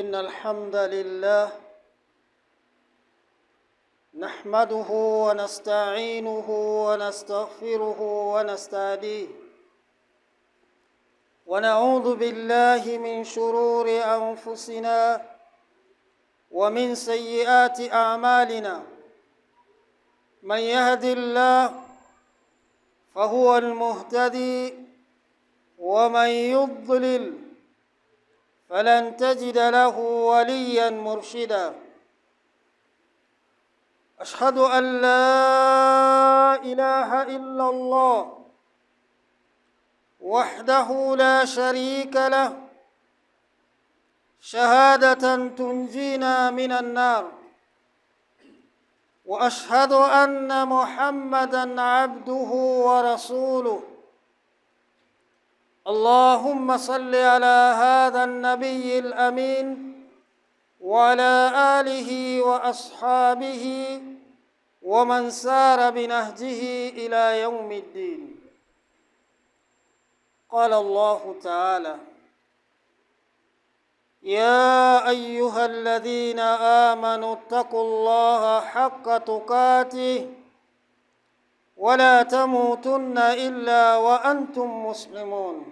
إن الحمد لله نحمده ونستعينه ونستغفره ونستهديه ونعوذ بالله من شرور أنفسنا ومن سيئات أعمالنا من يهد الله فهو المهتدي ومن يضلل فلن تجد له وليا مرشدا أشهد أن لا إله إلا الله وحده لا شريك له شهادة تنجينا من النار وأشهد أن محمدا عبده ورسوله اللهم صل على هذا النبي الأمين وعلى آله وأصحابه ومن سار بنهجه إلى يوم الدين قال الله تعالى يا أيها الذين آمنوا اتقوا الله حق تقاته ولا تموتن إلا وأنتم مسلمون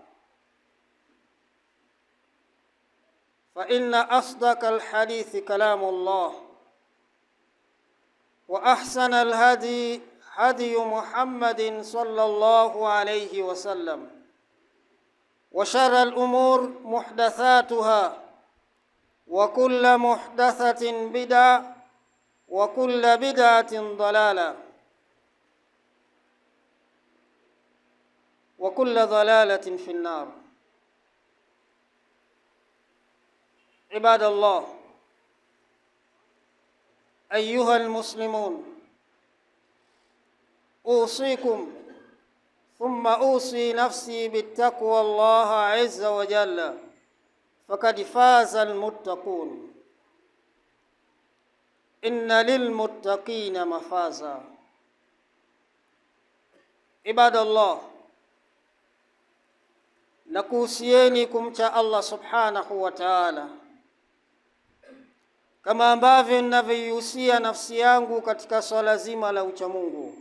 فإن أصدق الحديث كلام الله وأحسن الهدي هدي محمد صلى الله عليه وسلم وشر الأمور محدثاتها وكل محدثة بدعة وكل بدعة ضلالة وكل ضلالة في النار عباد الله ايها المسلمون اوصيكم ثم اوصي نفسي بالتقوى الله عز وجل فقد فاز المتقون ان للمتقين مفازا عباد الله nakuhusieni kumcha الله سبحانه وتعالى kama ambavyo ninavyoihusia nafsi yangu katika swala zima la uchamungu,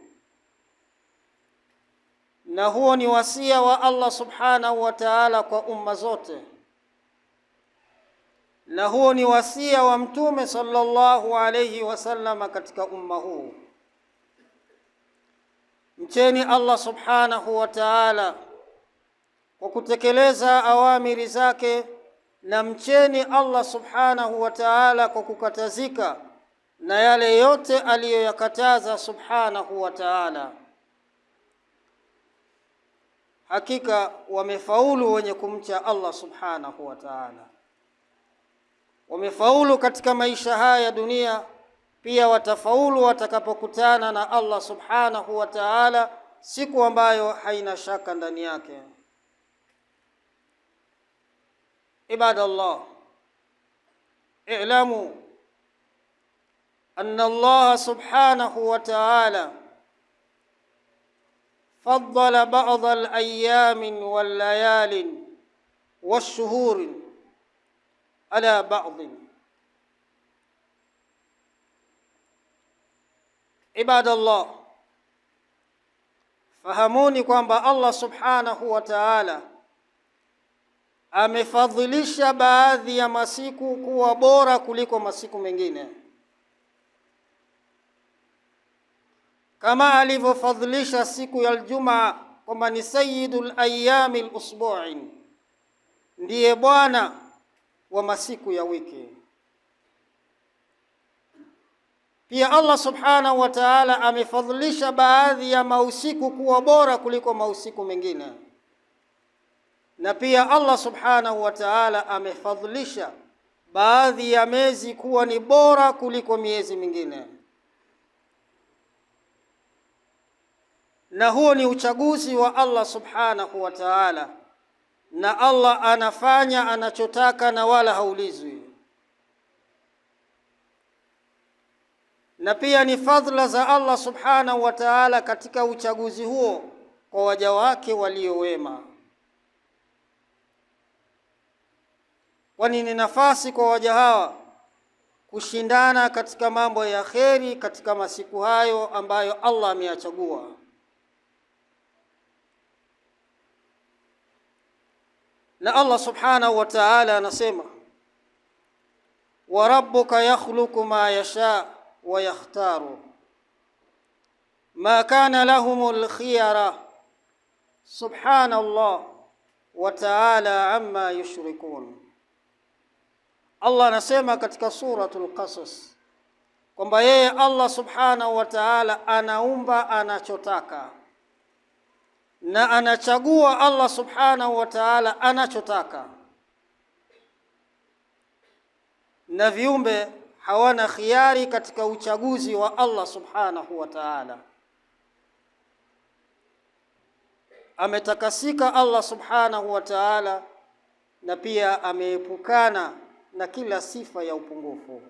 na huo ni wasia wa Allah subhanahu wa ta'ala kwa umma zote, na huo ni wasia wa Mtume sallallahu alayhi wasallam katika umma huu. Mcheni Allah subhanahu wa ta'ala kwa kutekeleza awamiri zake na mcheni Allah subhanahu wa ta'ala kwa kukatazika na yale yote aliyoyakataza subhanahu wa ta'ala. Hakika wamefaulu wenye kumcha Allah subhanahu wa ta'ala, wamefaulu katika maisha haya ya dunia, pia watafaulu watakapokutana na Allah subhanahu wa ta'ala siku ambayo haina shaka ndani yake. عباد الله اعلموا أن الله سبحانه وتعالى فضل بعض الأيام والليال والشهور على بعض عباد الله فهموني كما الله سبحانه وتعالى amefadhilisha baadhi ya masiku kuwa bora kuliko masiku mengine, kama alivyofadhilisha siku ya Ijumaa kwamba ni sayyidul ayami alusbu'i, ndiye bwana wa masiku ya wiki. Pia Allah subhanahu wa ta'ala amefadhilisha baadhi ya mausiku kuwa bora kuliko mausiku mengine na pia Allah subhanahu wa ta'ala amefadhilisha baadhi ya miezi kuwa ni bora kuliko miezi mingine, na huo ni uchaguzi wa Allah subhanahu wa ta'ala, na Allah anafanya anachotaka na wala haulizwi. Na pia ni fadhila za Allah subhanahu wa ta'ala katika uchaguzi huo kwa waja wake walio wema. kwani ni nafasi kwa waja hawa kushindana katika mambo ya kheri katika masiku hayo ambayo Allah ameyachagua. Na Allah subhanahu wa ta'ala anasema, wa rabbuka yakhluqu ma yasha wa yakhtaru ma kana lahumul khiyara subhanallah wa ta'ala amma yushrikun Allah anasema katika suratul Qasas kwamba yeye Allah subhanahu wa ta'ala anaumba anachotaka na anachagua Allah subhanahu wa ta'ala anachotaka, na viumbe hawana khiari katika uchaguzi wa Allah subhanahu wa ta'ala. Ametakasika Allah subhanahu wa ta'ala, na pia ameepukana na kila sifa ya upungufu.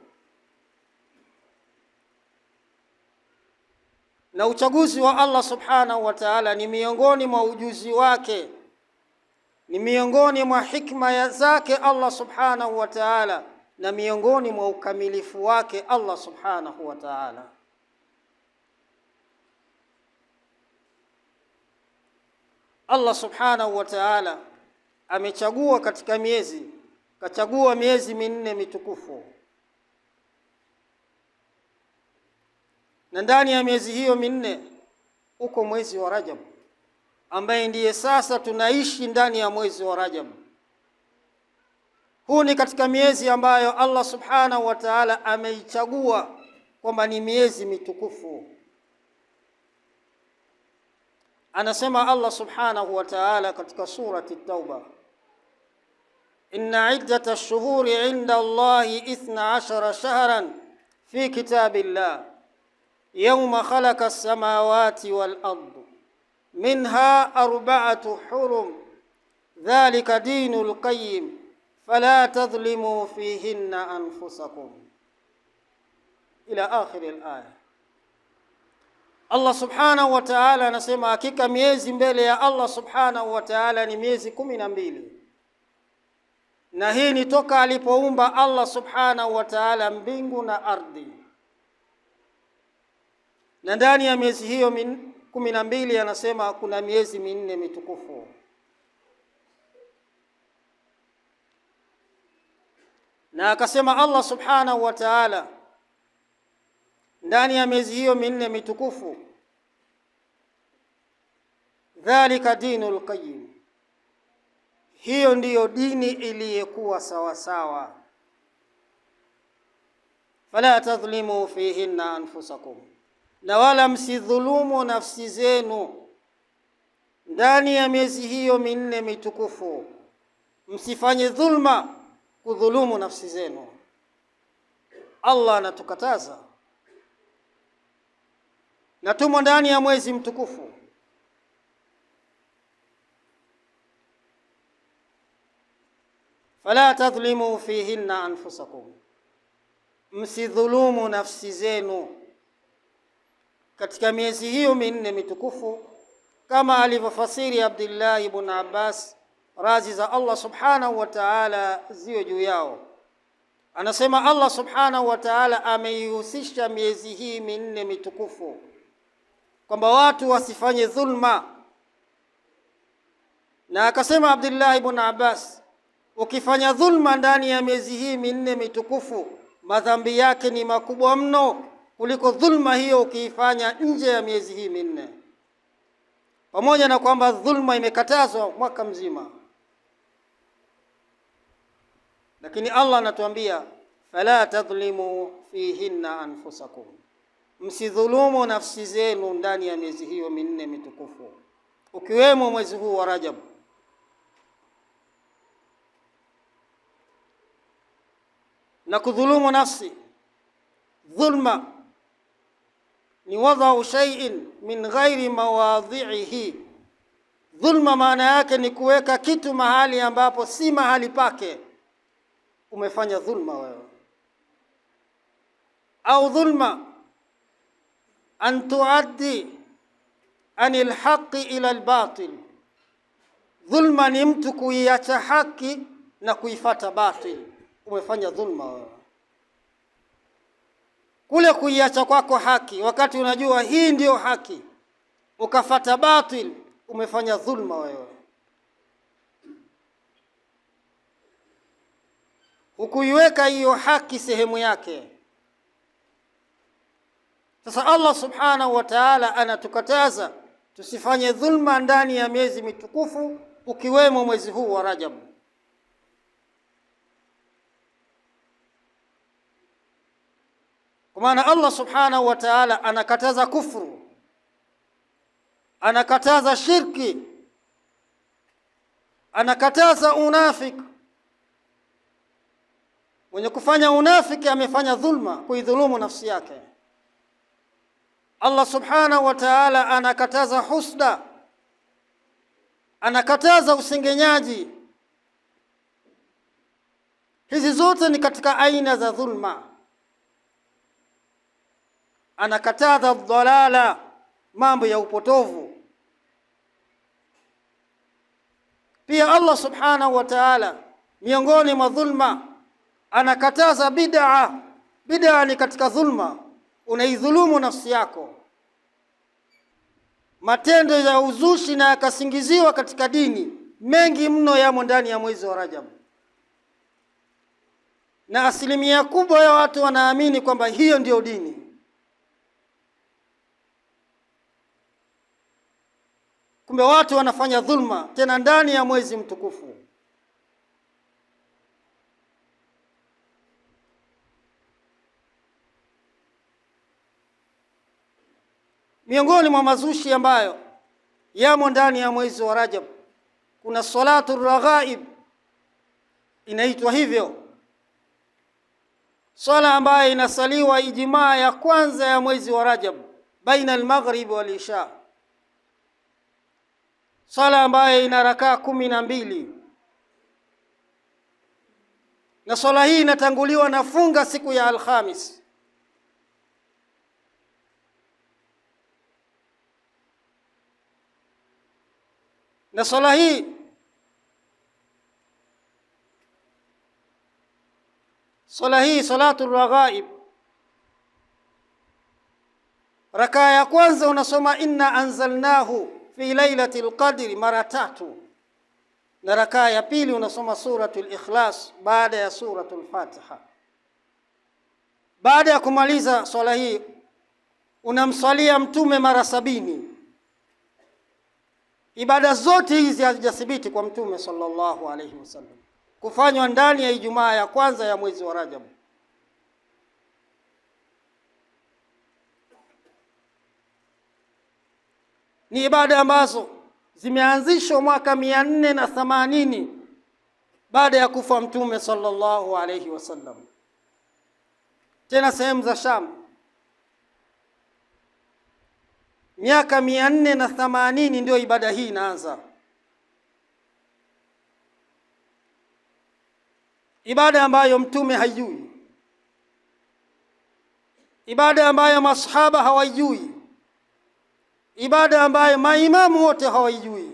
Na uchaguzi wa Allah subhanahu wa ta'ala ni miongoni mwa ujuzi wake, ni miongoni mwa hikma zake Allah subhanahu wa ta'ala, na miongoni mwa ukamilifu wake Allah subhanahu wa ta'ala. Allah subhanahu wa ta'ala amechagua katika miezi kachagua miezi minne mitukufu, na ndani ya miezi hiyo minne uko mwezi wa Rajab, ambaye ndiye sasa tunaishi ndani ya mwezi wa Rajab. Huu ni katika miezi ambayo Allah subhanahu wa ta'ala ameichagua kwamba ni miezi mitukufu. Anasema Allah subhanahu wa ta'ala katika surati Tauba إن عدة الشهور عند الله إثنى عشر شهرا في كتاب الله يوم خلق السماوات والأرض منها أربعة حرم ذلك دين القيم فلا تظلموا فيهن أنفسكم إلى آخر الآية الله سبحانه وتعالى نسمع anasema hakika miezi mbele الله سبحانه وتعالى wa ta'ala ni na hii ni toka alipoumba Allah subhanahu wa ta'ala mbingu na ardhi, na ndani ya miezi hiyo kumi na mbili anasema kuna miezi minne mitukufu. Na akasema Allah subhanahu wa ta'ala ndani ya miezi hiyo minne mitukufu, dhalika dinul qayyim hiyo ndiyo dini iliyokuwa sawasawa. Fala tadhlimu fihinna anfusakum, na wala msidhulumu nafsi zenu ndani ya miezi hiyo minne mitukufu. Msifanye dhulma, kudhulumu nafsi zenu. Allah anatukataza na tumo ndani ya mwezi mtukufu fala tadhlimu fihinna anfusakum, msidhulumu nafsi zenu katika miezi hiyo minne mitukufu, kama alivyofasiri Abdullah ibn Abbas, razi za Allah subhanahu wa ta'ala ziyo juu yao. Anasema Allah subhanahu wa ta'ala ameihusisha miezi hii minne mitukufu kwamba watu wasifanye dhulma, na akasema Abdullah ibn Abbas ukifanya dhulma ndani ya miezi hii minne mitukufu, madhambi yake ni makubwa mno kuliko dhulma hiyo ukiifanya nje ya miezi hii minne. Pamoja na kwamba dhulma imekatazwa mwaka mzima, lakini Allah anatuambia fala tadhlimu fihinna anfusakum, msidhulumu nafsi zenu ndani ya miezi hiyo minne mitukufu, ukiwemo mwezi huu wa Rajab. na kudhulumu nafsi. Dhulma ni wadau shay'in min ghairi mawadhi'ihi. Dhulma maana yake ni kuweka kitu mahali ambapo si mahali pake. Umefanya dhulma wewe. Au dhulma an tuaddi an haqi ila albatil, dhulma ni mtu kuiacha haki na kuifata batil umefanya dhulma Kule kuiacha kwako haki wakati unajua hii ndiyo haki ukafata batil, umefanya dhulma wewe. Hukuiweka hiyo haki sehemu yake. Sasa Allah subhanahu wa ta'ala anatukataza tusifanye dhulma ndani ya miezi mitukufu ukiwemo mwezi huu wa rajabu Kwa maana Allah subhanahu wa ta'ala anakataza kufru anakataza shirki, anakataza unafiki. Mwenye kufanya unafiki amefanya dhulma, kuidhulumu nafsi yake. Allah subhanahu wa ta'ala anakataza husda, anakataza usengenyaji. Hizi zote ni katika aina za dhulma anakataza dhalala, mambo ya upotovu. Pia Allah subhanahu wa ta'ala, miongoni mwa dhulma, anakataza bid'a. Bid'a ni katika dhulma, unaidhulumu nafsi yako, matendo ya uzushi na yakasingiziwa katika dini mengi mno yamo ndani ya mwezi wa Rajab, na asilimia kubwa ya watu wanaamini kwamba hiyo ndiyo dini. Kumbe watu wanafanya dhulma tena ndani ya mwezi mtukufu. Miongoni mwa mazushi ambayo yamo ndani ya mwezi wa Rajab kuna salatu raghaib, inaitwa hivyo, swala ambayo inasaliwa Ijumaa ya kwanza ya mwezi wa Rajab baina almaghrib wal isha Swala ambayo ina rakaa kumi na mbili na swala hii inatanguliwa na funga siku ya Alhamis. Na swala hii swala hii salatu raghaib, rakaa ya kwanza unasoma inna anzalnahu fi lailatil qadri mara tatu, na rakaa ya pili unasoma suratul Ikhlas baada ya suratul Fatiha. Baada ya kumaliza swala hii unamswalia Mtume mara sabini. Ibada zote hizi hazijathibiti kwa Mtume sallallahu alaihi wasallam kufanywa ndani ya Ijumaa ya kwanza ya mwezi wa Rajabu. ni ibada ambazo zimeanzishwa mwaka mia nne na themanini baada ya kufa Mtume sallallahu alayhi wasallam, tena sehemu za Sham miaka mia nne na themanini ndio ibada hii inaanza. Ibada ambayo mtume haijui, ibada ambayo masahaba hawajui ibada ambayo maimamu wote hawaijui,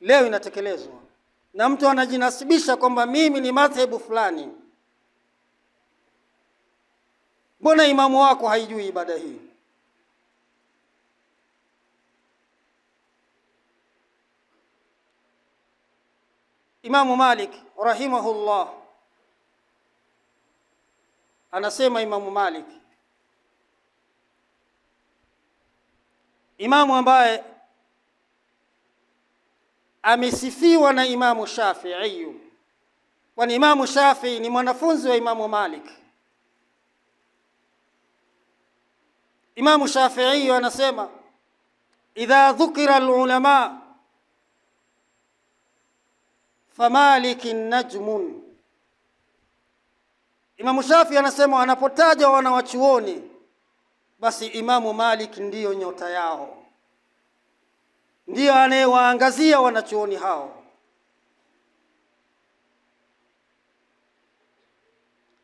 leo inatekelezwa na mtu anajinasibisha kwamba mimi ni madhhebu fulani. Mbona imamu wako haijui ibada hii? Imamu Malik rahimahullah anasema, Imamu Malik imamu ambaye amesifiwa na Imamu Shafii, kwani Imamu Shafii ni mwanafunzi wa Imamu Malik. Imamu Shafii anasema idha dhukira lulama famaliki najmun. Imamu Shafii anasema anapotaja wanawachuoni basi Imamu Malik ndiyo nyota yao, ndiyo anayewaangazia wanachuoni hao,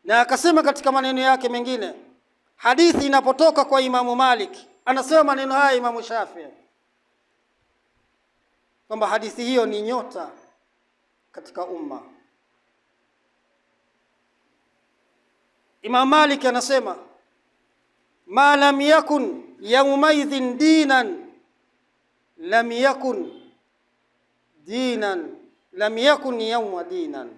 na akasema katika maneno yake mengine, hadithi inapotoka kwa Imamu Malik anasema maneno haya Imamu shafi kwamba hadithi hiyo ni nyota katika umma. Imam Malik anasema ma lam yakun yaumaidhin dinan lam yakun dinan lam yakun yauma dinan.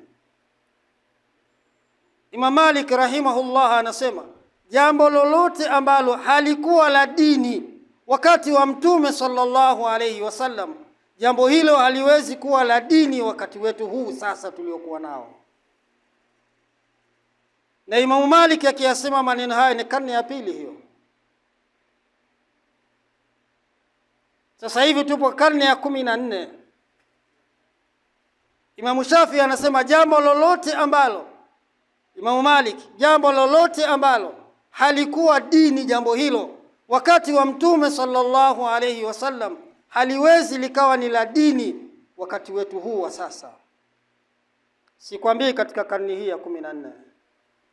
Imam Malik rahimahullah anasema jambo lolote ambalo halikuwa la dini wakati wa Mtume sallallahu alayhi wasallam, jambo hilo haliwezi kuwa la dini wakati wetu huu sasa tuliokuwa nao. Na Imamu Malik akiyasema maneno hayo ni karne ya pili hiyo Sasa hivi tupo karne ya kumi na nne. Imamu Shafi anasema jambo lolote ambalo, Imamu Malik, jambo lolote ambalo halikuwa dini, jambo hilo wakati wa Mtume sallallahu alayhi wasallam haliwezi likawa ni la dini wakati wetu huu wa sasa. Sikwambii katika karne hii ya kumi na nne,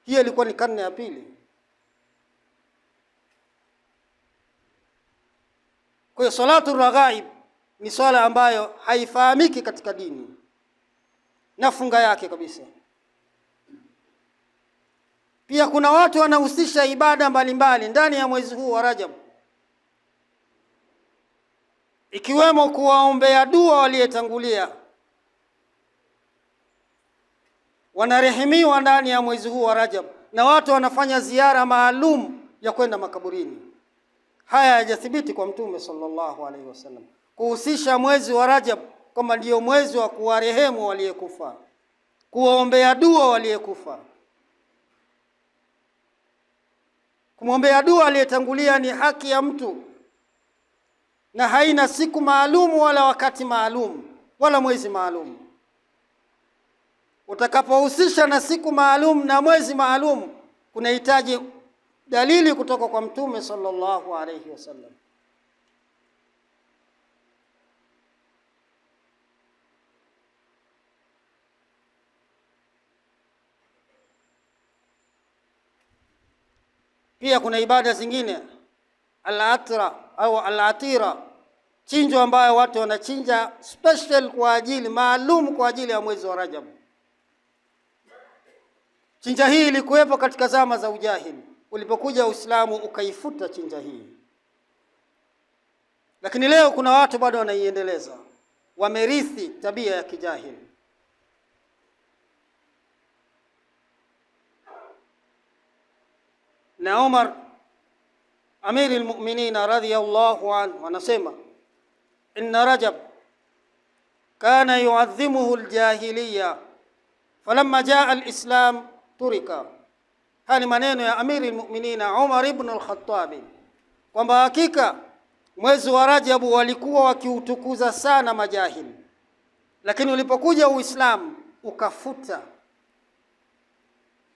hiyo ilikuwa ni karne ya pili. Kwa hiyo salatu raghaib ni swala ambayo haifahamiki katika dini na funga yake kabisa. Pia kuna watu wanahusisha ibada mbalimbali ndani ya mwezi huu wa Rajab, ikiwemo kuwaombea dua waliyetangulia. Wanarehemiwa ndani ya mwezi huu wa Rajab, na watu wanafanya ziara maalum ya kwenda makaburini haya hayajathibiti kwa Mtume sallallahu alaihi wasallam kuhusisha mwezi wa Rajab kama ndio mwezi wa kuwarehemu waliyekufa, kuwaombea dua waliyekufa. Kumwombea dua aliyetangulia ni haki ya mtu na haina siku maalumu wala wakati maalum wala mwezi maalum. Utakapohusisha na siku maalum na mwezi maalum kunahitaji dalili kutoka kwa Mtume sallallahu alayhi wasallam. Pia kuna ibada zingine alatra au alatira, chinjo ambayo watu wanachinja special kwa ajili maalum kwa ajili ya mwezi wa Rajab. Chinja hii ilikuwepo katika zama za ujahili ulipokuja Uislamu ukaifuta chinja hii, lakini leo kuna watu bado wanaiendeleza, wamerithi tabia ya kijahili. Na umar Amiri lmuminina radhiyallahu anhu anasema inna Rajab kana yuadhimuhu ljahiliya falamma jaa alislam turika Haya ni maneno ya Amiri lmuminina Umar ibn al kwamba hakika mwezi wa Rajabu walikuwa wakiutukuza sana majahili, lakini ulipokuja Uislamu ukafuta,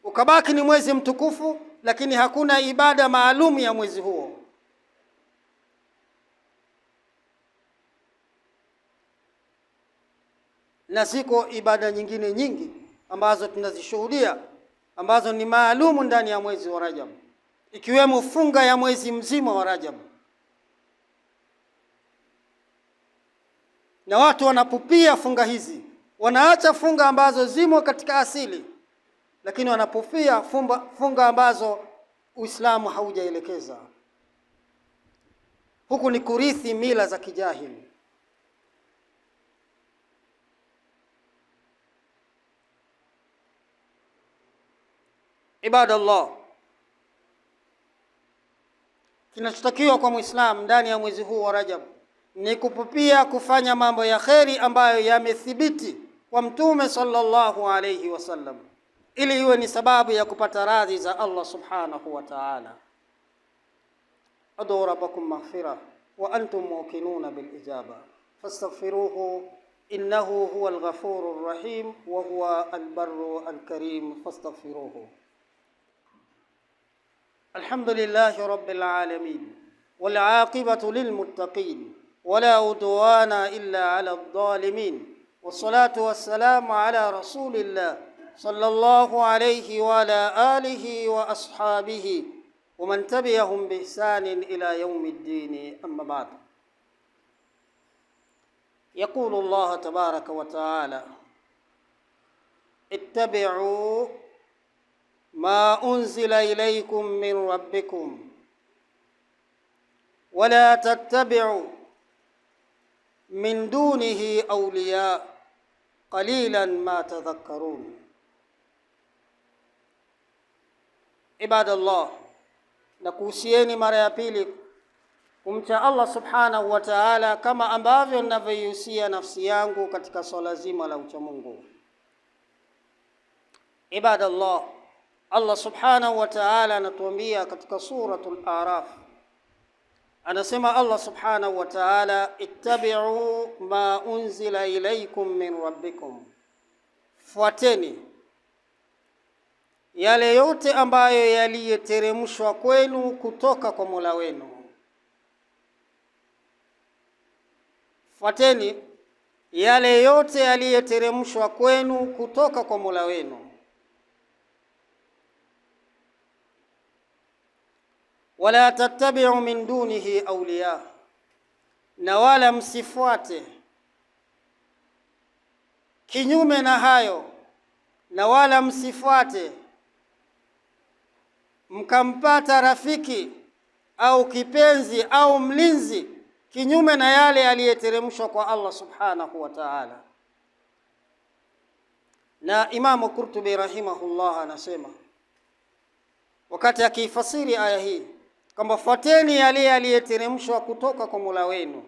ukabaki ni mwezi mtukufu, lakini hakuna ibada maalum ya mwezi huo. na ziko ibada nyingine nyingi ambazo tunazishuhudia ambazo ni maalumu ndani ya mwezi wa Rajab, ikiwemo funga ya mwezi mzima wa Rajab. Na watu wanapupia funga hizi, wanaacha funga ambazo zimo katika asili, lakini wanapupia funga, funga ambazo Uislamu haujaelekeza. Huku ni kurithi mila za kijahili. Ibadallah, kinachotakiwa kwa Muislam ndani ya mwezi huu wa Rajab ni kupupia kufanya mambo ya kheri ambayo yamethibiti kwa Mtume sallallahu alayhi wasallam, ili iwe ni sababu ya kupata radhi za Allah subhanahu wa ta'ala. Adu rabbakum maghfira wa antum muqinuna bil ijaba fastaghfiruhu innahu huwal ghafurur rahim wa huwa al barru al karim fastaghfiruhu الحمد لله رب العالمين والعاقبة للمتقين ولا عدوان إلا على الظالمين والصلاة والسلام على رسول الله صلى الله عليه وعلى آله وأصحابه ومن تبعهم بإحسان إلى يوم الدين أما بعد يقول الله تبارك وتعالى اتبعوا ma unzila ilaykum min rabbikum wala tattabi'u min dunihi awliya qalilan ma tadhakkarun. Ibadallah, na kuhusieni mara ya pili kumcha Allah subhanahu wa ta'ala, kama ambavyo ninavyoihusia nafsi yangu katika swala zima la uchamungu. Ibadallah, Allah subhanahu wa ta'ala anatuambia katika suratul Araf, anasema Allah subhanahu wa ta'ala, ittabi'u ma unzila ilaykum min rabbikum, fuateni yale yote ambayo yaliyeteremshwa kwenu kutoka kwa Mola wenu. Fuateni yale yote yaliyeteremshwa kwenu kutoka kwa Mola wenu wala tattabiu min dunihi awliya, na wala msifuate kinyume na hayo, na wala msifuate mkampata rafiki au kipenzi au mlinzi kinyume na yale aliyeteremshwa kwa Allah subhanahu wa ta'ala. Na Imamu Qurtubi rahimahullah anasema wakati akiifasiri aya hii kwamba fateni yale aliyeteremshwa kutoka kwa Mola wenu.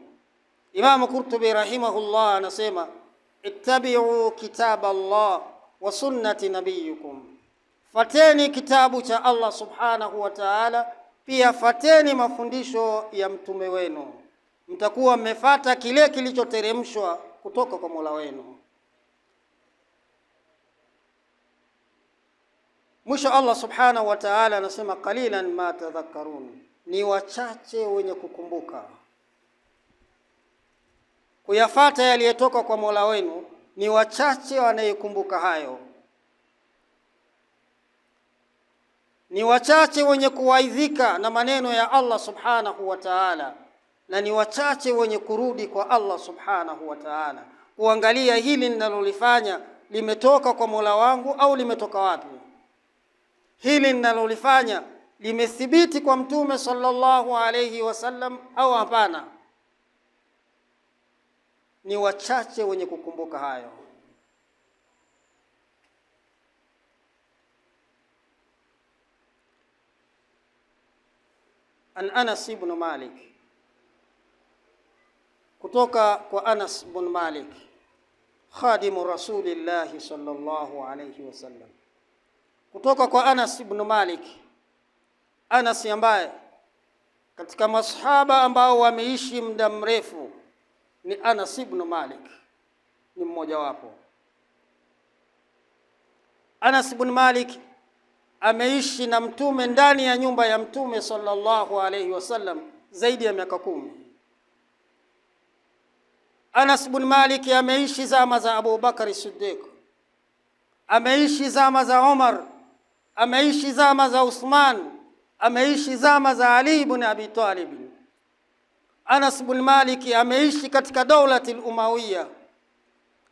Imamu Qurtubi rahimahullah anasema ittabi'u kitaba Allah wa sunnati nabiyyikum, fateni kitabu cha Allah subhanahu wa ta'ala, pia fateni mafundisho ya mtume wenu, mtakuwa mmefata kile kilichoteremshwa kutoka kwa Mola wenu. Mwisho Allah subhanahu wa ta'ala anasema qalilan ma tadhakkarun, ni wachache wenye kukumbuka kuyafata yaliyotoka kwa Mola wenu, ni wachache wanayekumbuka hayo, ni wachache wenye kuwaidhika na maneno ya Allah subhanahu wa ta'ala, na ni wachache wenye kurudi kwa Allah subhanahu wa ta'ala kuangalia hili ninalolifanya limetoka kwa Mola wangu au limetoka wapi? hili ninalolifanya limethibiti kwa mtume sallallahu alayhi wasallam au hapana? Ni wachache wenye kukumbuka hayo. An Anas ibn Malik, kutoka kwa Anas ibn Malik khadimu rasulillahi sallallahu alayhi wasallam kutoka kwa Anas ibn Malik. Anas ambaye katika masahaba ambao wameishi muda mrefu ni Anas ibn Malik, ni mmojawapo. Anas ibn Malik ameishi na mtume ndani ya nyumba ya mtume sallallahu alayhi wasallam zaidi ya miaka kumi. Anas ibn Malik ameishi zama za Abu Bakari Siddiq, ameishi zama za Omar ameishi zama za Uthman, ameishi zama za Ali ibn Abi Talib. Anas ibn Malik ameishi katika daulati al-Umawiya.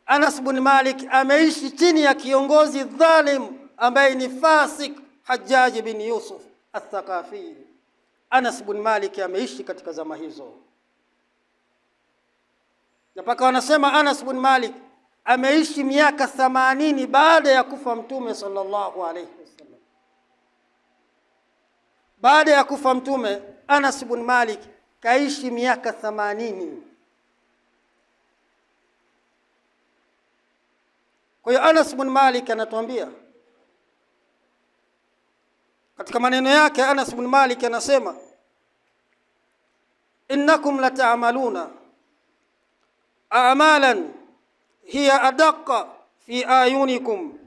Anas ibn Malik ameishi chini ya kiongozi dhalim ambaye ni fasik Hajjaj bin Yusuf al-Thaqafi. Anas ibn Malik ameishi katika zama hizo, na mpaka wanasema Anas ibn Malik ameishi miaka 80 baada ya kufa Mtume sallallahu alayhi wasallam. Baada ya kufa Mtume, Anas bin Malik kaishi miaka themanini. Kwa hiyo Anas bin Malik anatuambia katika maneno yake, Anas bin Malik anasema innakum lataamaluna amalan hiya adaqa fi ayunikum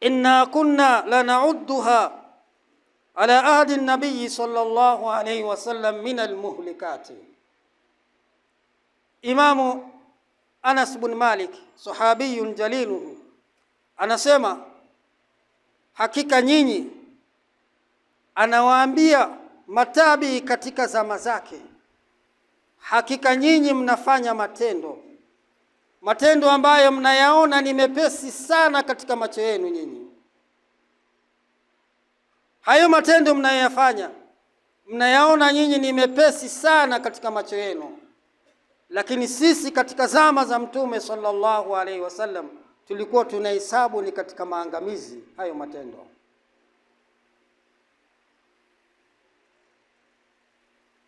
inna kunna lanauduha ala ahdi nabii sallallahu alayhi wasallam min almuhlikati. Imamu Anas bin Malik sahabiyun jalilun anasema, hakika nyinyi, anawaambia matabii katika zama zake, hakika nyinyi mnafanya matendo matendo ambayo mnayaona ni mepesi sana katika macho yenu nyinyi Hayo matendo mnayoyafanya mnayaona nyinyi ni mepesi sana katika macho yenu, lakini sisi katika zama za Mtume sallallahu alaihi wasallam tulikuwa tunahesabu ni katika maangamizi hayo matendo.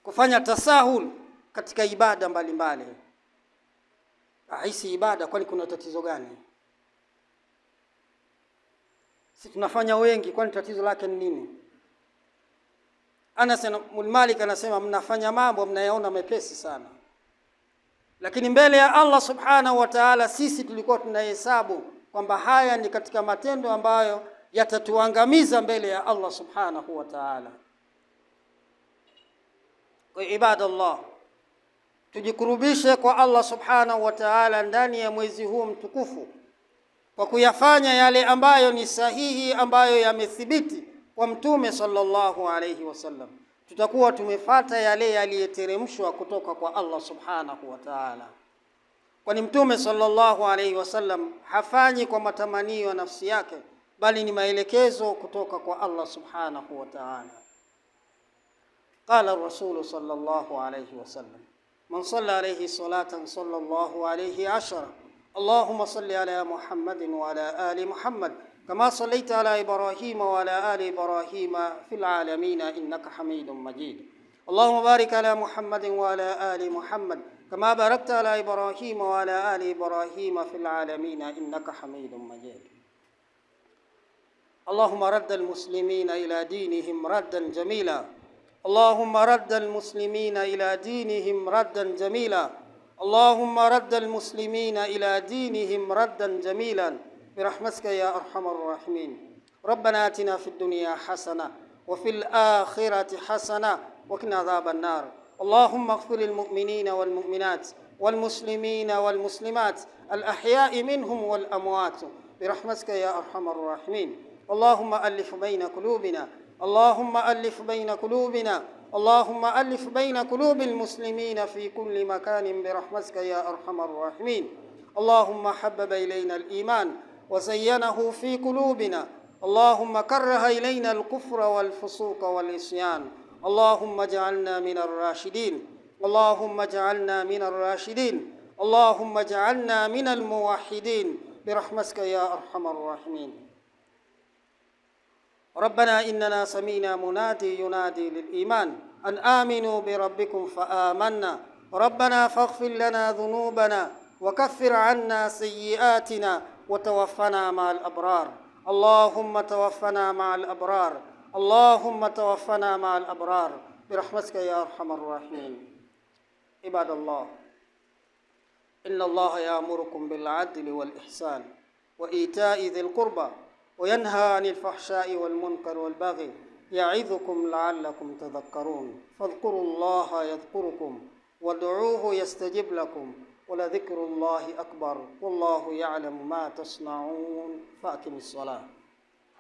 Kufanya tasahul katika ibada mbalimbali, ahisi ibada, kwani kuna tatizo gani? si tunafanya wengi, kwani tatizo lake ni nini? Anas bin Malik anasema mnafanya mambo mnayaona mepesi sana, lakini mbele ya Allah subhanahu wa ta'ala, sisi tulikuwa tunahesabu kwamba haya ni katika matendo ambayo yatatuangamiza mbele ya Allah subhanahu wa ta'ala. Kwa ibadallah, tujikurubishe kwa Allah subhanahu wa ta'ala ndani ya mwezi huu mtukufu kwa kuyafanya yale ambayo ni sahihi ambayo yamethibiti kwa Mtume sallallahu alayhi wasallam, tutakuwa tumefata yale yaliyeteremshwa kutoka kwa Allah subhanahu wa ta'ala, kwani Mtume sallallahu alayhi wasallam hafanyi kwa matamanio ya nafsi yake, bali ni maelekezo kutoka kwa Allah subhanahu wa ta'ala. Qala rasulu sallallahu alayhi wasallam man salla alayhi salatan sallallahu alayhi ashara اللهم صل على محمد وعلى آل محمد كما صليت على إبراهيم وعلى آل إبراهيم في العالمين إنك حميد مجيد اللهم بارك على محمد وعلى آل محمد كما باركت على إبراهيم وعلى آل إبراهيم في العالمين إنك حميد مجيد اللهم رد المسلمين إلى دينهم ردا جميلا اللهم رد المسلمين إلى دينهم ردا جميلا اللهم رد المسلمين إلى دينهم ردا جميلا برحمتك يا أرحم الراحمين ربنا آتنا في الدنيا حسنة وفي الآخرة حسنة وقنا عذاب النار اللهم اغفر المؤمنين والمؤمنات والمسلمين والمسلمات الأحياء منهم والأموات برحمتك يا أرحم الراحمين اللهم ألف بين قلوبنا اللهم ألف بين قلوبنا اللهم ألف بين قلوب المسلمين في كل مكان برحمتك يا أرحم الراحمين اللهم حبب إلينا الإيمان وزينه في قلوبنا اللهم كره إلينا الكفر والفسوق والعصيان اللهم اجعلنا من الراشدين اللهم اجعلنا من الراشدين اللهم اجعلنا من الموحدين برحمتك يا أرحم الراحمين ربنا إننا سمينا منادي ينادي للإيمان أن آمنوا بربكم فآمنا ربنا فاغفر لنا ذنوبنا وكفر عنا سيئاتنا وتوفنا مع الأبرار اللهم توفنا مع الأبرار اللهم توفنا مع الأبرار برحمتك يا أرحم الراحمين عباد الله إن الله يأمركم بالعدل والإحسان وإيتاء ذي القربى وينهى عن الفحشاء والمنكر والبغي يعظكم لعلكم تذكرون فاذكروا الله يذكركم وادعوه يستجب لكم ولذكر الله أكبر والله يعلم ما تصنعون فأقم الصلاة